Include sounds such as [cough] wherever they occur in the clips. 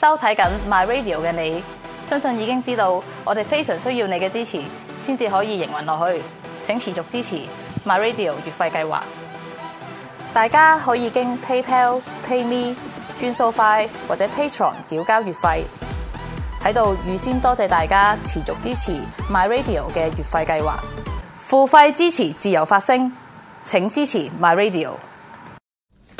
收睇緊 My Radio 嘅你，相信已經知道我哋非常需要你嘅支持，先至可以營運落去，請持續支持 My Radio 月費計劃。大家可以經 PayPal、PayMe、轉數快或者 Patreon 繳交月費。喺度預先多謝大家持續支持 My Radio 嘅月費計劃，付費支持自由發聲，請支持 My Radio。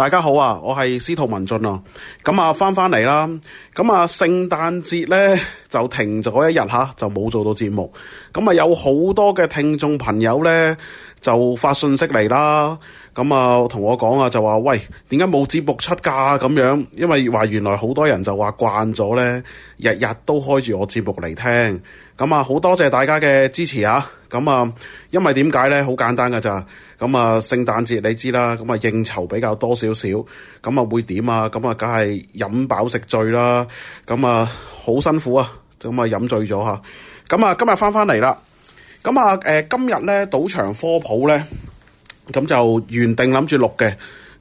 大家好啊，我係司徒文進啊，咁啊翻翻嚟啦，咁啊聖誕節咧就停咗一日吓，就冇做到節目，咁啊有好多嘅聽眾朋友咧。就發信息嚟啦，咁啊同我講啊，就話喂，點解冇節目出㗎咁樣？因為話原來好多人就話慣咗咧，日日都開住我節目嚟聽，咁啊好多謝大家嘅支持啊，咁啊，因為點解咧？好簡單㗎咋，咁啊聖誕節你知啦，咁啊應酬比較多少少，咁啊會點啊？咁啊梗係飲飽食醉啦，咁啊好辛苦啊，咁啊飲醉咗吓，咁啊今日翻返嚟啦。咁啊，誒今日咧賭場科普咧，咁就原定諗住錄嘅，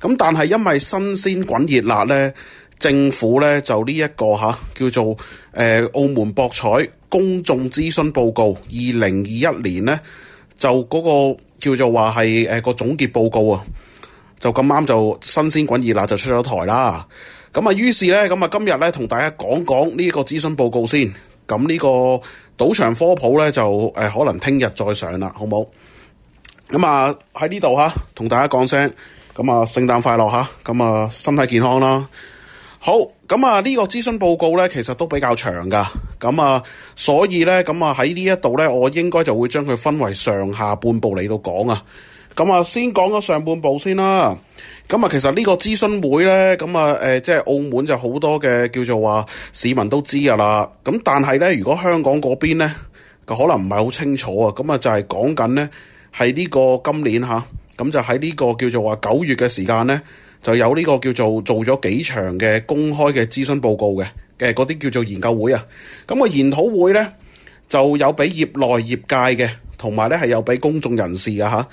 咁但係因為新鮮滾熱辣咧，政府咧就呢一個嚇叫做誒澳門博彩公眾諮詢報告二零二一年咧，就嗰個叫做話係誒個總結報告啊，就咁啱就新鮮滾熱辣就出咗台啦。咁啊，於是咧，咁啊今日咧同大家講講呢一個諮詢報告先，咁呢個。賭場科普呢，就誒可能聽日再上啦，好唔好？咁啊喺呢度吓同大家講聲，咁啊聖誕快樂吓，咁啊身體健康啦。好，咁啊呢個諮詢報告呢，其實都比較長噶，咁啊所以呢，咁啊喺呢一度呢，我應該就會將佢分為上下半部嚟,到講啊。咁啊先講咗上半部先啦。咁啊，其實呢個諮詢會呢，咁啊，誒，即係澳門就好多嘅，叫做話市民都知噶啦。咁但係呢，如果香港嗰邊呢，佢可能唔係好清楚啊。咁啊，就係講緊呢，係呢個今年吓，咁就喺呢個叫做話九月嘅時間呢，就有呢個叫做做咗幾場嘅公開嘅諮詢報告嘅，嘅嗰啲叫做研究會啊。咁啊，研討會呢，就有俾業內業界嘅，同埋呢係有俾公眾人士啊吓。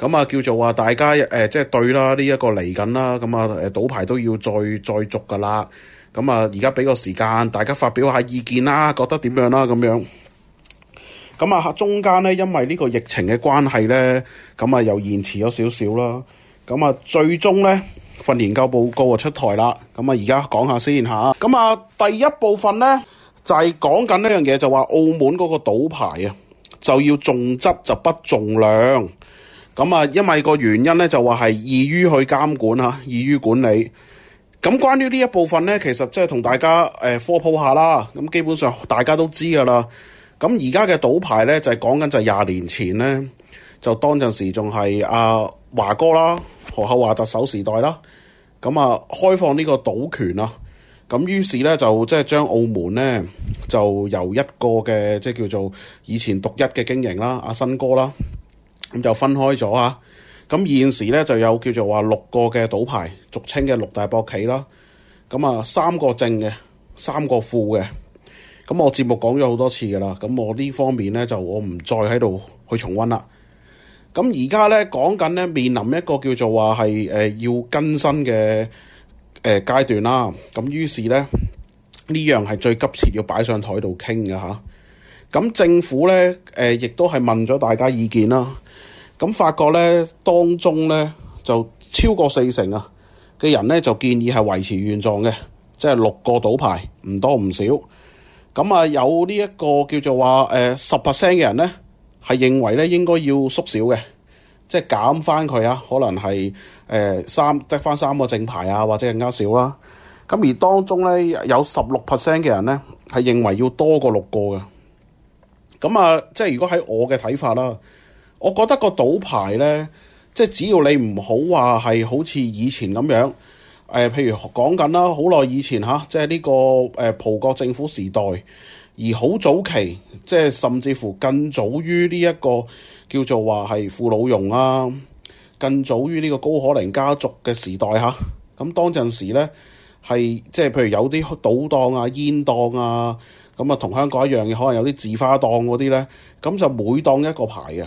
咁啊、嗯，叫做話大家誒、呃，即係對啦。呢、這、一個嚟緊啦，咁、嗯、啊，誒，賭牌都要再再續噶啦。咁、嗯、啊，而家俾個時間大家發表下意見啦，覺得點樣啦、啊？咁樣咁、嗯、啊，中間咧，因為呢個疫情嘅關係咧，咁、嗯、啊，又延遲咗少少啦。咁、嗯、啊，最終咧份研究報告啊出台啦。咁、嗯、啊，而家講下先吓。咁啊，第一部分咧就係講緊呢樣嘢，就話、是、澳門嗰個賭牌啊，就要重質就不重量。咁啊，因為個原因咧，就話係易於去監管吓，易於管理。咁關於呢一部分咧，其實即係同大家誒、呃、科普下啦。咁基本上大家都知噶啦。咁而家嘅賭牌咧，就講、是、緊就廿年前咧，就當陣時仲係阿華哥啦，何厚鏵特首時代啦。咁啊，開放呢個賭權啊，咁於是咧就即係將澳門咧就由一個嘅即係叫做以前獨一嘅經營啦，阿、啊、新哥啦。咁就分開咗啊。咁現時咧就有叫做話六個嘅賭牌，俗稱嘅六大博企啦。咁啊，三個正嘅，三個副嘅。咁我節目講咗好多次㗎喇，咁我呢方面咧就我唔再喺度去重溫啦。咁而家咧講緊咧面臨一個叫做話係誒要更新嘅誒階段啦。咁於是咧呢樣係最急切要擺上台度傾嘅嚇。咁政府咧，誒、呃，亦都係問咗大家意見啦。咁發覺咧，當中咧就超過四成啊嘅人咧，就建議係維持原狀嘅，即係六個賭牌，唔多唔少。咁、嗯、啊，有呢一個叫做話誒十 percent 嘅人咧，係認為咧應該要縮小嘅，即係減翻佢啊。可能係誒、呃、三得翻三個正牌啊，或者更加少啦。咁、嗯、而當中咧有十六 percent 嘅人咧，係認為要多過六個嘅。咁啊，即係如果喺我嘅睇法啦，我覺得個賭牌咧，即係只要你唔好話係好似以前咁樣，誒、呃，譬如講緊啦，好耐以前吓，即係呢個誒葡國政府時代，而好早期，即係甚至乎更早於呢一個叫做話係傅老榕啊，更早於呢個高可寧家族嘅時代吓。咁當陣時咧，係即係譬如有啲賭檔啊、煙檔啊。咁啊，同香港一樣嘅，可能有啲字花檔嗰啲呢，咁就每檔一個牌嘅。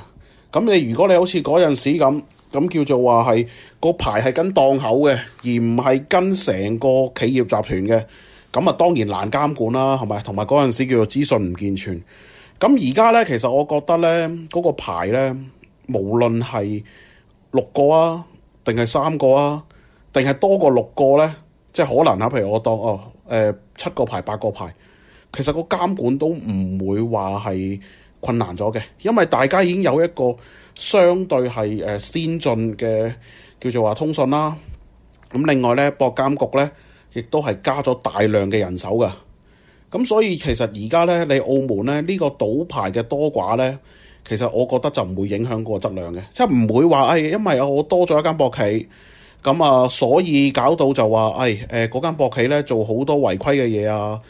咁你如果你好似嗰陣時咁，咁叫做話係、個牌係跟檔口嘅，而唔係跟成個企業集團嘅。咁啊，當然難監管啦，係咪？同埋嗰陣時叫做資訊唔健全。咁而家呢，其實我覺得呢，嗰個牌呢，無論係六個啊，定係三個啊，定係多過六個呢，即係可能啊，譬如我當哦，誒、呃、七個牌、八個牌。其實個監管都唔會話係困難咗嘅，因為大家已經有一個相對係誒先進嘅叫做話通訊啦。咁另外咧，博監局咧亦都係加咗大量嘅人手噶。咁所以其實而家咧，你澳門咧呢、呢個賭牌嘅多寡咧，其實我覺得就唔會影響個質量嘅，即係唔會話誒、哎，因為我多咗一間博企咁啊，所以搞到就話誒誒嗰間博企咧做好多違規嘅嘢啊。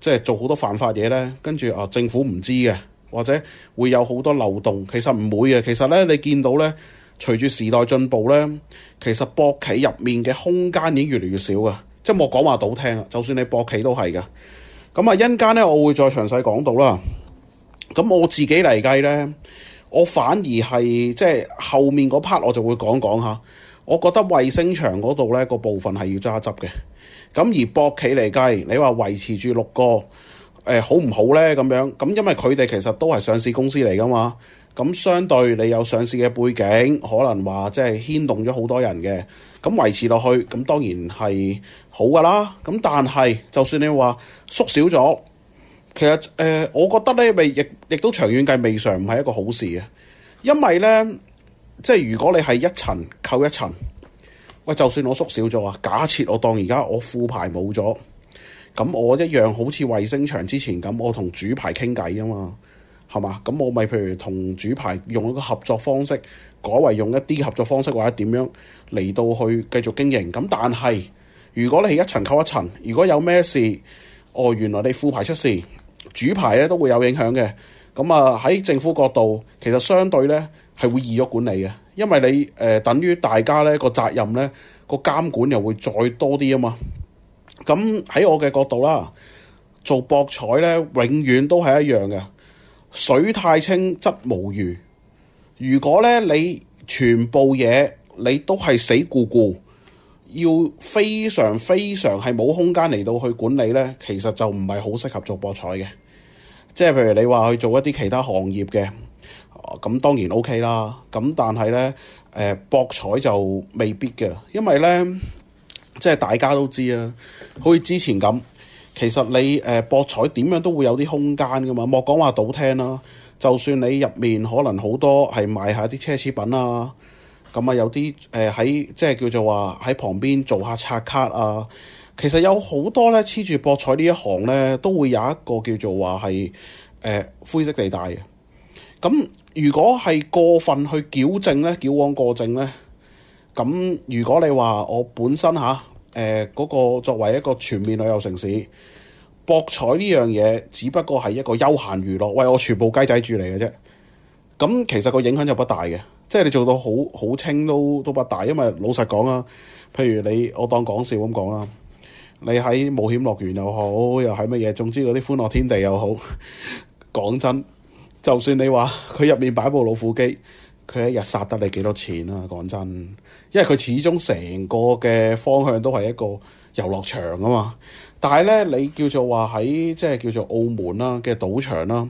即係做好多犯法嘢咧，跟住啊政府唔知嘅，或者會有好多漏洞。其實唔會嘅，其實咧你見到咧，隨住時代進步咧，其實博企入面嘅空間已經越嚟越少噶。即係莫講話賭廳啦，就算你博企都係噶。咁、嗯、啊，一陣間咧，我會再詳細講到啦。咁、嗯、我自己嚟計咧，我反而係即係後面嗰 part 我就會講講吓。我覺得衞星場嗰度咧個部分係要揸執嘅。咁而博企嚟計，你話維持住六個，誒、呃、好唔好咧？咁樣，咁因為佢哋其實都係上市公司嚟噶嘛，咁相對你有上市嘅背景，可能話即係牽動咗好多人嘅，咁維持落去，咁當然係好噶啦。咁但係就算你話縮小咗，其實誒、呃，我覺得咧未亦亦都長遠計未嘗唔係一個好事啊，因為咧即係如果你係一層扣一層。就算我縮小咗啊，假設我當而家我副牌冇咗，咁我一樣好似衞星場之前咁，我同主牌傾偈啊嘛，係嘛？咁我咪譬如同主牌用一個合作方式，改為用一啲合作方式或者點樣嚟到去繼續經營。咁但係，如果你係一層扣一層，如果有咩事，哦，原來你副牌出事，主牌咧都會有影響嘅。咁啊喺政府角度，其實相對咧係會易咗管理嘅。因為你誒、呃、等於大家咧個責任咧個監管又會再多啲啊嘛，咁喺我嘅角度啦，做博彩咧永遠都係一樣嘅，水太清則無魚。如果咧你全部嘢你都係死固固，要非常非常係冇空間嚟到去管理咧，其實就唔係好適合做博彩嘅。即係譬如你話去做一啲其他行業嘅。咁當然 OK 啦，咁但係咧，誒、呃、博彩就未必嘅，因為咧，即係大家都知啊，好似之前咁，其實你誒、呃、博彩點樣都會有啲空間噶嘛，莫講話賭廳啦、啊，就算你入面可能好多係買下啲奢侈品啊，咁啊有啲誒喺即係叫做話喺旁邊做下刷卡啊，其實有好多咧黐住博彩呢一行咧，都會有一個叫做話係誒灰色地帶嘅，咁。如果係過分去矯正呢，矯枉過正呢。咁如果你話我本身吓，誒、啊、嗰、呃嗰個作為一個全面旅遊城市，博彩呢樣嘢，只不過係一個休閒娛樂，喂，我全部雞仔住嚟嘅啫。咁其實個影響就不大嘅，即係你做到好好清都都不大，因為老實講啊，譬如你我當講笑咁講啊，你喺冒險樂園又好，又係乜嘢，總之嗰啲歡樂天地又好，講 [laughs] 真。就算你話佢入面擺部老虎機，佢一日殺得你幾多錢啊？講真，因為佢始終成個嘅方向都係一個遊樂場啊嘛。但係咧，你叫做話喺即係叫做澳門啦嘅賭場啦，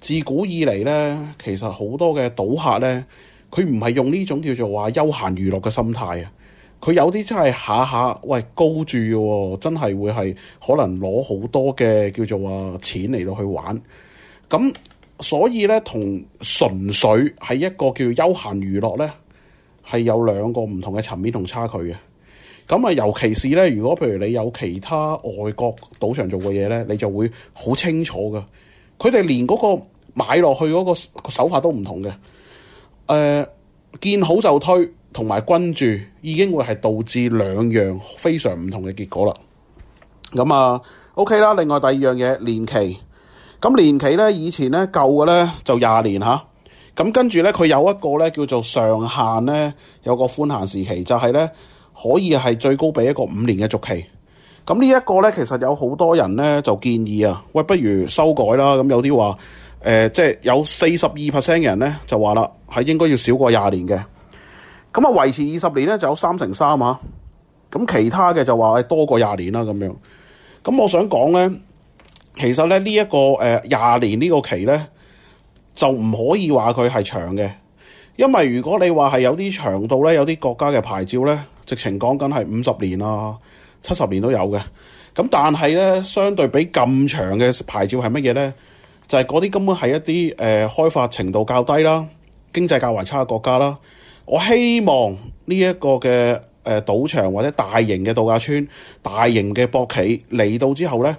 自古以嚟咧，其實好多嘅賭客咧，佢唔係用呢種叫做話休閒娛樂嘅心態啊。佢有啲真係下下喂高注喎、哦，真係會係可能攞好多嘅叫做話錢嚟到去玩咁。所以咧，同純粹係一個叫休閒娛樂咧，係有兩個唔同嘅層面同差距嘅。咁、嗯、啊，尤其是咧，如果譬如你有其他外國賭場做嘅嘢咧，你就會好清楚嘅。佢哋連嗰個買落去嗰個手法都唔同嘅。誒、呃，見好就推同埋均注已經會係導致兩樣非常唔同嘅結果啦。咁啊，OK 啦。另外第二樣嘢，年期。咁年期咧，以前咧舊嘅咧就廿年吓，啊，咁跟住咧佢有一個咧叫做上限咧，有個寬限時期就係、是、咧可以係最高俾一個五年嘅續期。咁、嗯這個、呢一個咧，其實有好多人咧就建議啊，喂，不如修改啦。咁有啲話誒，即、呃、係、就是、有四十二 percent 嘅人咧就話啦，係應該要少過廿年嘅。咁、嗯、啊維持二十年咧就有三成三吓，咁、嗯、其他嘅就話誒多過廿年啦咁樣。咁、嗯、我想講咧。其實咧呢一個誒廿、呃、年呢個期呢，就唔可以話佢係長嘅，因為如果你話係有啲長到呢，有啲國家嘅牌照呢，直情講緊係五十年啦、啊、七十年都有嘅。咁但係呢，相對比咁長嘅牌照係乜嘢呢？就係嗰啲根本係一啲誒、呃、開發程度較低啦、經濟較為差嘅國家啦。我希望呢一個嘅誒賭場或者大型嘅度假村、大型嘅博企嚟到之後呢。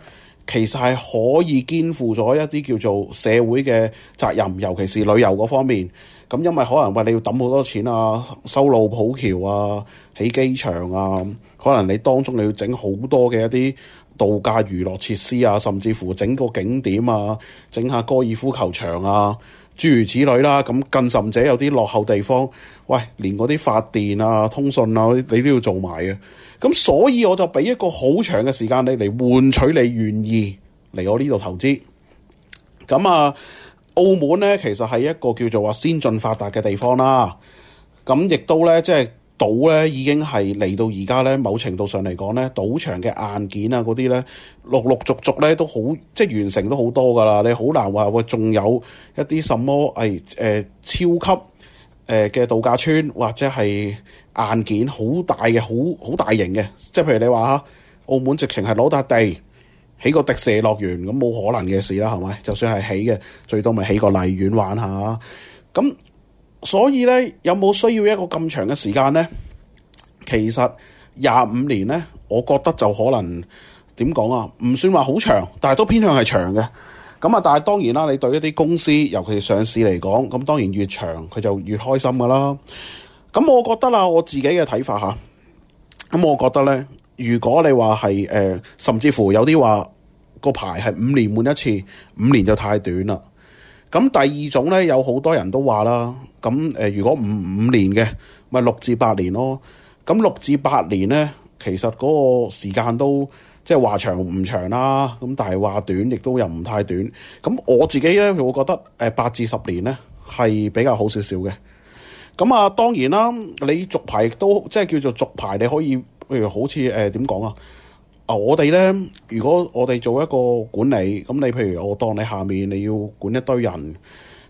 其實係可以肩負咗一啲叫做社會嘅責任，尤其是旅遊嗰方面。咁因為可能話你要抌好多錢啊，修路鋪橋啊，起機場啊，可能你當中你要整好多嘅一啲度假娛樂設施啊，甚至乎整個景點啊，整下高爾夫球場啊。諸如此類啦，咁更甚者有啲落後地方，喂，連嗰啲發電啊、通訊啊，你都要做埋嘅。咁所以我就畀一個好長嘅時間你嚟換取你願意嚟我呢度投資。咁啊，澳門咧其實係一個叫做話先進發達嘅地方啦。咁亦都咧，即係。賭咧已經係嚟到而家咧，某程度上嚟講咧，賭場嘅硬件啊嗰啲咧，陸陸續續咧都好，即係完成都好多㗎啦。你好難話會仲有一啲什麼誒誒、欸欸、超級誒嘅、欸、度假村或者係硬件好大嘅好好大型嘅，即係譬如你話嚇，澳門直情係攞笪地起個迪士尼樂園咁，冇可能嘅事啦，係咪？就算係起嘅，最多咪起個荔園玩下咁。所以咧，有冇需要一個咁長嘅時間咧？其實廿五年咧，我覺得就可能點講啊？唔算話好長，但係都偏向係長嘅。咁啊，但係當然啦，你對一啲公司，尤其是上市嚟講，咁當然越長佢就越開心噶啦。咁我覺得啦，我自己嘅睇法吓。咁我覺得咧，如果你話係誒，甚至乎有啲話個牌係五年換一次，五年就太短啦。咁第二種咧，有好多人都話啦，咁誒、呃，如果五五年嘅，咪六至八年咯。咁六至八年咧，其實嗰個時間都即係話長唔長啦，咁但係話短亦都又唔太短。咁我自己咧就會覺得誒，八至十年咧係比較好少少嘅。咁啊，當然啦，你續牌都即係叫做續牌，你可以譬如好似誒點講啊？呃我哋咧，如果我哋做一個管理，咁你譬如我當你下面你要管一堆人，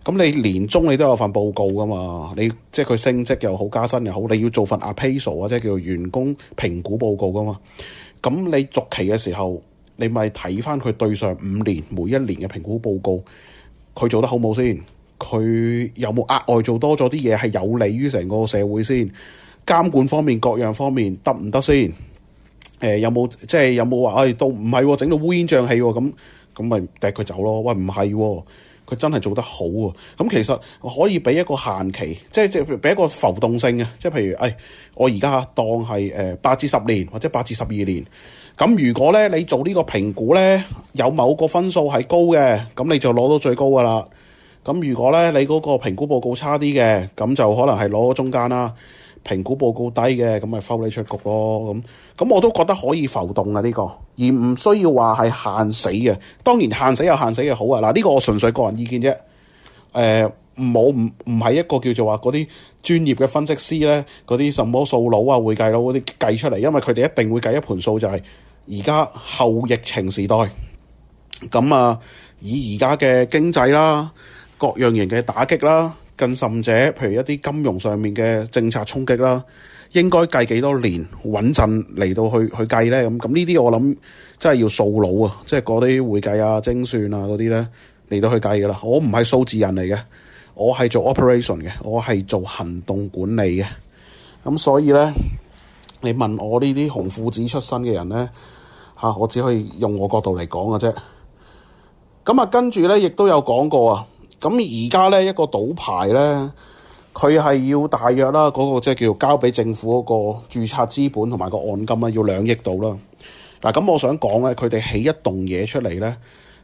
咁你年終你都有份報告噶嘛？你即係佢升職又好加薪又好，你要做份 appeal 啊，即係叫做員工評估報告噶嘛？咁你續期嘅時候，你咪睇翻佢對上五年每一年嘅評估報告，佢做得好冇先？佢有冇額外做多咗啲嘢係有利於成個社會先？監管方面各樣方面得唔得先？行誒有冇即係有冇話誒到唔係，整到、啊、烏煙瘴氣喎咁咁咪掟佢走咯？喂，唔係、啊，佢真係做得好喎、啊。咁、嗯、其實可以俾一個限期，即係即係俾一個浮動性嘅，即係譬如誒、哎，我而家當係誒八至十年或者八至十二年。咁如果咧你做呢個評估咧有某個分數係高嘅，咁你就攞到最高噶啦。咁如果咧你嗰個評估報告差啲嘅，咁就可能係攞到中間啦。評估報告低嘅，咁咪抽你出局咯。咁咁我都覺得可以浮動啊呢、呢個，而唔需要話係限死嘅。當然限死又限死嘅好啊。嗱、呢、呢個我純粹個人意見啫。誒、呃，冇唔唔係一個叫做話嗰啲專業嘅分析師咧，嗰啲什麼數佬啊、會計佬嗰、啊、啲計出嚟，因為佢哋一定會計一盤數、就係，就係而家後疫情時代。咁啊，以而家嘅經濟啦，各樣型嘅打擊啦。更甚者，譬如一啲金融上面嘅政策衝擊啦，應該計幾多年穩陣嚟到去去計咧？咁咁呢啲我諗真係要掃腦啊！即係嗰啲會計啊、精算啊嗰啲咧嚟到去計噶啦。我唔係數字人嚟嘅，我係做 operation 嘅，我係做行動管理嘅。咁、嗯、所以咧，你問我呢啲紅褲子出身嘅人咧嚇、啊，我只可以用我角度嚟講嘅啫。咁、嗯、啊，跟住咧亦都有講過啊。咁而家呢一個賭牌呢，佢係要大約啦、嗰個，嗰個即係叫交俾政府嗰個註冊資本同埋個按金啊，要兩億到啦。嗱，咁我想講呢，佢哋起一棟嘢出嚟呢，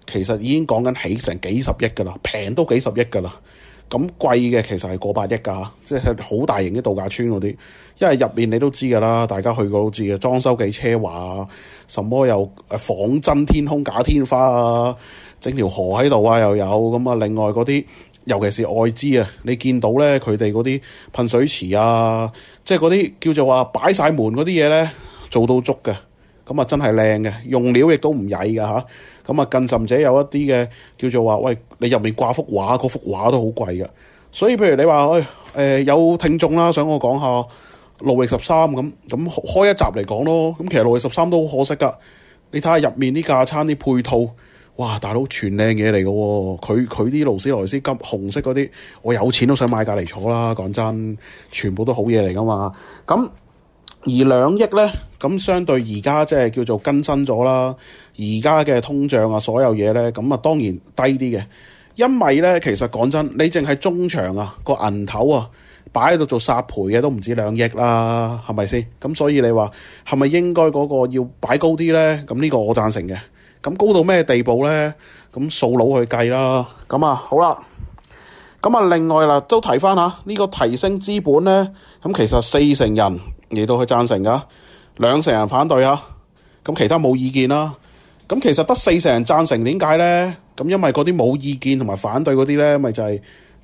其實已經講緊起成幾十億噶啦，平都幾十億噶啦。咁貴嘅其實係過百億噶，即係好大型嘅度假村嗰啲，因為入面你都知噶啦，大家去過都知嘅，裝修幾奢華啊，什麼又仿真天空假天花啊。整條河喺度啊，又有咁啊！另外嗰啲，尤其是外資啊，你見到咧佢哋嗰啲噴水池啊，即係嗰啲叫做話擺晒門嗰啲嘢咧，做到足嘅，咁啊真係靚嘅，用料亦都唔曳㗎吓。咁啊更甚者有一啲嘅叫做話，喂，你入面掛幅畫，嗰幅畫都好貴㗎。所以譬如你話，誒、哎呃、有聽眾啦，想我講下路易十三咁，咁開一集嚟講咯。咁其實路易十三都好可惜噶，你睇下入面啲架餐啲配套。哇，大佬全靚嘢嚟嘅喎，佢佢啲勞斯萊斯急紅色嗰啲，我有錢都想買隔離坐啦。講真，全部都好嘢嚟噶嘛。咁而兩億咧，咁相對而家即係叫做更新咗啦。而家嘅通脹啊，所有嘢咧，咁啊當然低啲嘅，因為咧其實講真，你淨係中場啊個銀頭啊擺喺度做殺賠嘅都唔止兩億啦，係咪先？咁所以你話係咪應該嗰個要擺高啲咧？咁呢個我贊成嘅。咁高到咩地步咧？咁數腦去計啦。咁啊，好啦。咁啊，另外嗱都提翻吓呢個提升資本咧。咁其實四成人你都去贊成噶，兩成人反對啊。咁其他冇意見啦。咁其實得四成人贊成，點解咧？咁因為嗰啲冇意見同埋反對嗰啲咧，咪就係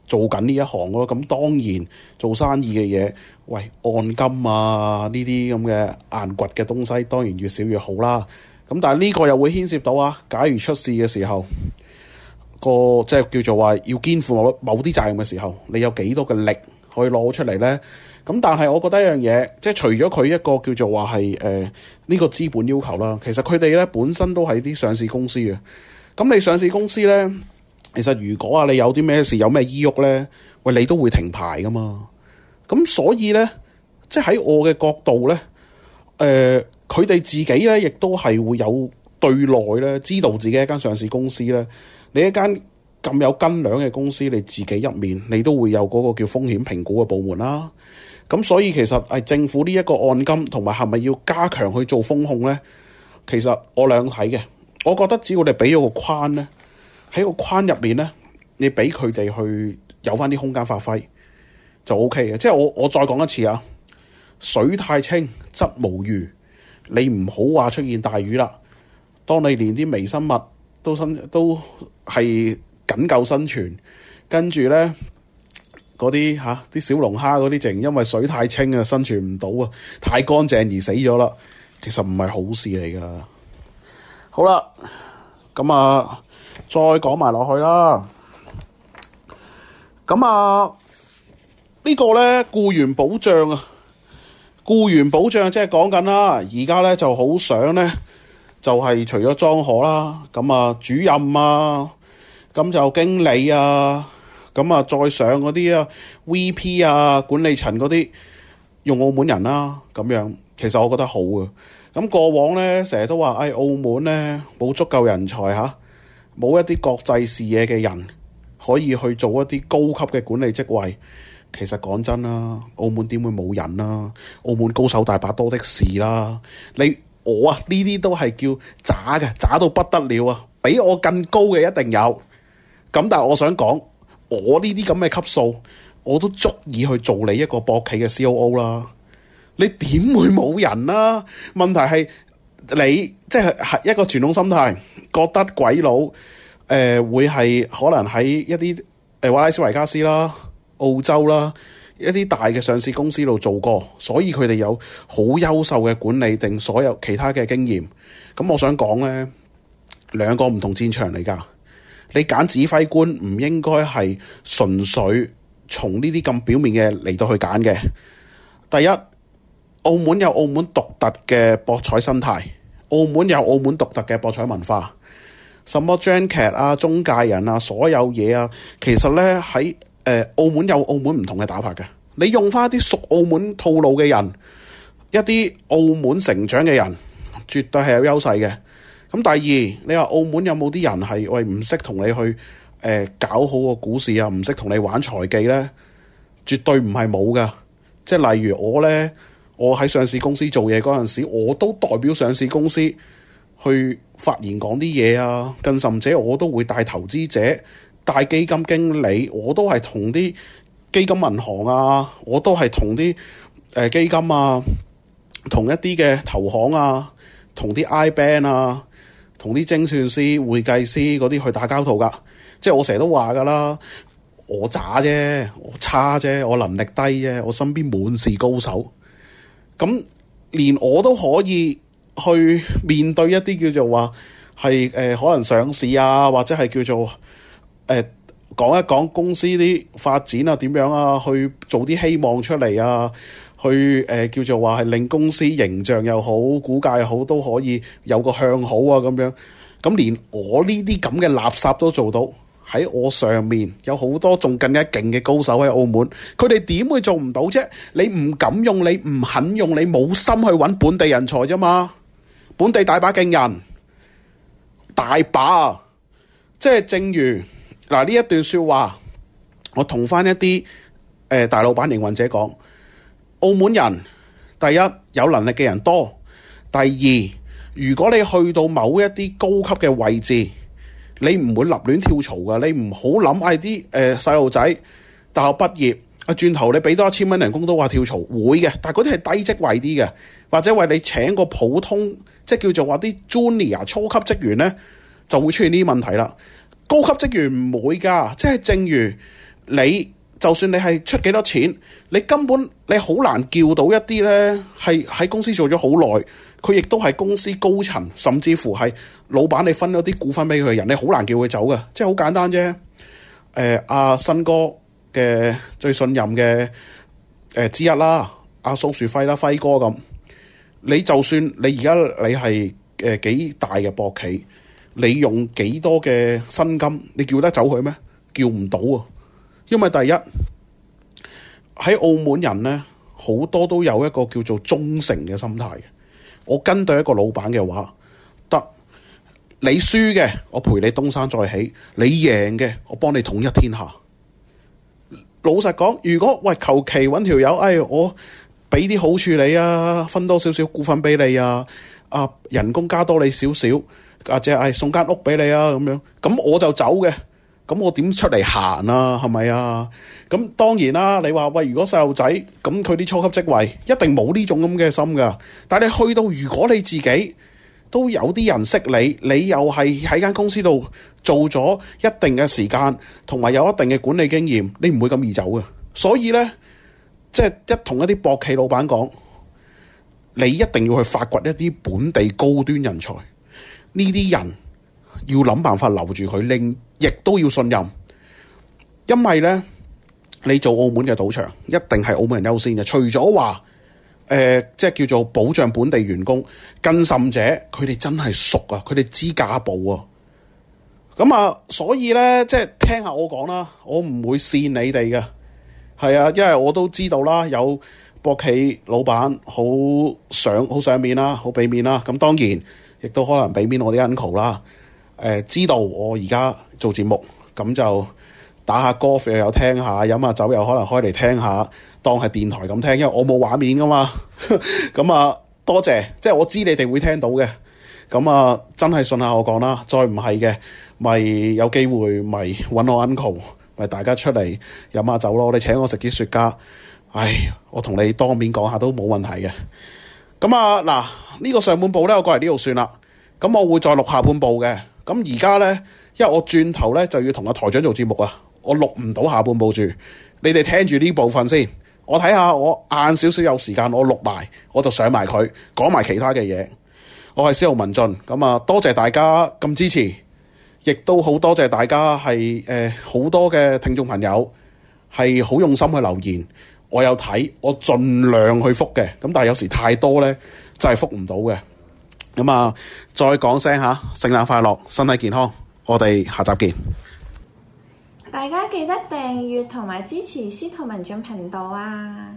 做緊呢一行咯。咁當然做生意嘅嘢，喂，按金啊呢啲咁嘅硬掘嘅東西，當然越少越好啦。咁但係呢個又會牽涉到啊，假如出事嘅時候，個即係叫做話要肩負某某啲責任嘅時候，你有幾多嘅力可以攞出嚟咧？咁但係我覺得一樣嘢，即係除咗佢一個叫做話係誒呢個資本要求啦，其實佢哋咧本身都係啲上市公司嘅。咁你上市公司咧，其實如果啊你有啲咩事，有咩依鬱咧，喂，你都會停牌噶嘛。咁所以咧，即係喺我嘅角度咧，誒、呃。佢哋自己咧，亦都係會有對內咧，知道自己一間上市公司咧，你一間咁有斤兩嘅公司，你自己入面你都會有嗰個叫風險評估嘅部門啦。咁所以其實係政府呢一個按金同埋係咪要加強去做風控咧？其實我兩睇嘅，我覺得只要我哋俾咗個框咧，喺個框入面咧，你畀佢哋去有返啲空間發揮就 OK 嘅。即係我我再講一次啊，水太清則無魚。你唔好話出現大雨啦。當你連啲微生物都生都係緊夠生存，跟住咧嗰啲嚇啲小龍蝦嗰啲，淨因為水太清啊，生存唔到啊，太乾淨而死咗啦。其實唔係好事嚟噶。好啦，咁啊，再講埋落去啦。咁啊，這個、呢個咧，雇員保障啊。僱員保障即係講緊啦，而家咧就好想咧，就係、是、除咗莊荷啦，咁啊主任啊，咁就經理啊，咁啊再上嗰啲啊 VP 啊管理層嗰啲用澳門人啦、啊，咁樣其實我覺得好、哎、啊。咁過往咧成日都話，哎澳門咧冇足夠人才吓，冇一啲國際視野嘅人可以去做一啲高級嘅管理職位。其實講真啦，澳門點會冇人啦、啊？澳門高手大把多的是啦、啊。你我啊呢啲都係叫渣嘅，渣到不得了啊！比我更高嘅一定有。咁但係我想講，我呢啲咁嘅級數，我都足以去做你一個博企嘅 COO 啦。你點會冇人啦、啊？問題係你即係係一個傳統心態，覺得鬼佬誒會係可能喺一啲誒、欸、拉斯維加斯啦。澳洲啦，一啲大嘅上市公司度做過，所以佢哋有好優秀嘅管理定所有其他嘅經驗。咁我想講咧，兩個唔同戰場嚟噶。你揀指揮官唔應該係純粹從呢啲咁表面嘅嚟到，去揀嘅。第一，澳門有澳門獨特嘅博彩生態，澳門有澳門獨特嘅博彩文化，什麼 junket 啊、中介人啊、所有嘢啊，其實咧喺。呃、澳門有澳門唔同嘅打法嘅，你用翻啲熟澳門套路嘅人，一啲澳門成長嘅人，絕對係有優勢嘅。咁、嗯、第二，你話澳門有冇啲人係喂唔識同你去、呃、搞好個股市啊？唔識同你玩財技呢？絕對唔係冇噶。即係例如我呢，我喺上市公司做嘢嗰陣時，我都代表上市公司去發言講啲嘢啊。更甚者，我都會帶投資者。大基金經理，我都係同啲基金銀行啊，我都係同啲誒基金啊，同一啲嘅投行啊，同啲 I-Bank 啊，同啲精算師、會計師嗰啲去打交道㗎。即係我成日都話㗎啦，我渣啫，我差啫，我能力低啫，我身邊滿是高手。咁連我都可以去面對一啲叫做話係誒，可能上市啊，或者係叫做。誒，講一講公司啲發展啊，點樣啊，去做啲希望出嚟啊，去、呃、叫做話係令公司形象又好，股價又好，都可以有個向好啊，咁樣咁，連我呢啲咁嘅垃圾都做到喺我上面，有好多仲更加勁嘅高手喺澳門，佢哋點會做唔到啫？你唔敢用你，你唔肯用你，你冇心去揾本地人才啫嘛，本地大把勁人，大把，即係正如。嗱，呢一段說話，我同翻一啲誒、呃、大老闆、營運者講，澳門人第一有能力嘅人多，第二，如果你去到某一啲高級嘅位置，你唔會立亂、亂跳槽㗎，你唔好諗係啲誒細路仔大學畢業啊，轉頭你俾多一千蚊人工都話跳槽會嘅，但係嗰啲係低職位啲嘅，或者為你請個普通，即係叫做話啲 junior 初級職員呢，就會出現呢啲問題啦。高級職員唔會噶，即係正如你，就算你係出幾多錢，你根本你好難叫到一啲呢係喺公司做咗好耐，佢亦都係公司高層，甚至乎係老闆，你分咗啲股份畀佢嘅人，你好難叫佢走嘅，即係好簡單啫。誒、呃，阿、啊、新哥嘅最信任嘅誒、呃、之一啦，阿蘇樹輝啦，輝哥咁，你就算你而家你係誒、呃、幾大嘅博企。你用幾多嘅薪金，你叫得走佢咩？叫唔到啊，因為第一喺澳門人呢，好多都有一個叫做忠誠嘅心態。我跟對一個老闆，嘅話得，你輸嘅我陪你東山再起，你贏嘅我幫你統一天下。老實講，如果喂求其揾條友，哎，我畀啲好處你啊，分多少少股份畀你啊，啊，人工加多你少少。阿姐，係送間屋俾你啊，咁樣咁我就走嘅。咁我點出嚟行啊？係咪啊？咁當然啦。你話喂，如果細路仔咁，佢啲初級職位一定冇呢種咁嘅心噶。但係你去到，如果你自己都有啲人識你，你又係喺間公司度做咗一定嘅時間，同埋有一定嘅管理經驗，你唔會咁易走嘅。所以呢，即係一同一啲博企老闆講，你一定要去發掘一啲本地高端人才。呢啲人要諗辦法留住佢，另亦都要信任，因為咧，你做澳門嘅賭場，一定係澳門人優先嘅。除咗話，誒、呃，即係叫做保障本地員工，更甚者，佢哋真係熟啊，佢哋知家暴啊。咁啊，所以咧，即係聽下我講啦，我唔會跣你哋嘅，係啊，因為我都知道啦，有博企老闆好想好想面啦、啊，好俾面啦，咁當然。亦都可能畀面我啲 uncle 啦，誒、呃、知道我而家做節目，咁就打下歌，肥又有聽下，飲下酒，又可能開嚟聽下，當係電台咁聽，因為我冇畫面噶嘛，咁啊多謝，即係我知你哋會聽到嘅，咁啊真係信下我講啦，再唔係嘅，咪有機會咪揾我 uncle，咪大家出嚟飲下酒咯，你請我食啲雪茄，唉，我同你當面講下都冇問題嘅。咁啊，嗱呢、嗯，這個上半部呢，我過嚟呢度算啦。咁、嗯、我會再錄下半部嘅。咁而家呢，因為我轉頭呢，就要同阿台長做節目啊，我錄唔到下半部住。你哋聽住呢部分先。我睇下我晏少少有時間，我錄埋，我就上埋佢，講埋其他嘅嘢。我係司徒文進。咁、嗯、啊，多謝大家咁支持，亦都好多謝大家係誒好多嘅聽眾朋友係好用心去留言。我有睇，我盡量去覆嘅咁，但係有時太多咧，真係覆唔到嘅咁啊！再講聲吓，聖誕快樂，身體健康，我哋下集見。大家記得訂閱同埋支持司徒文進頻道啊！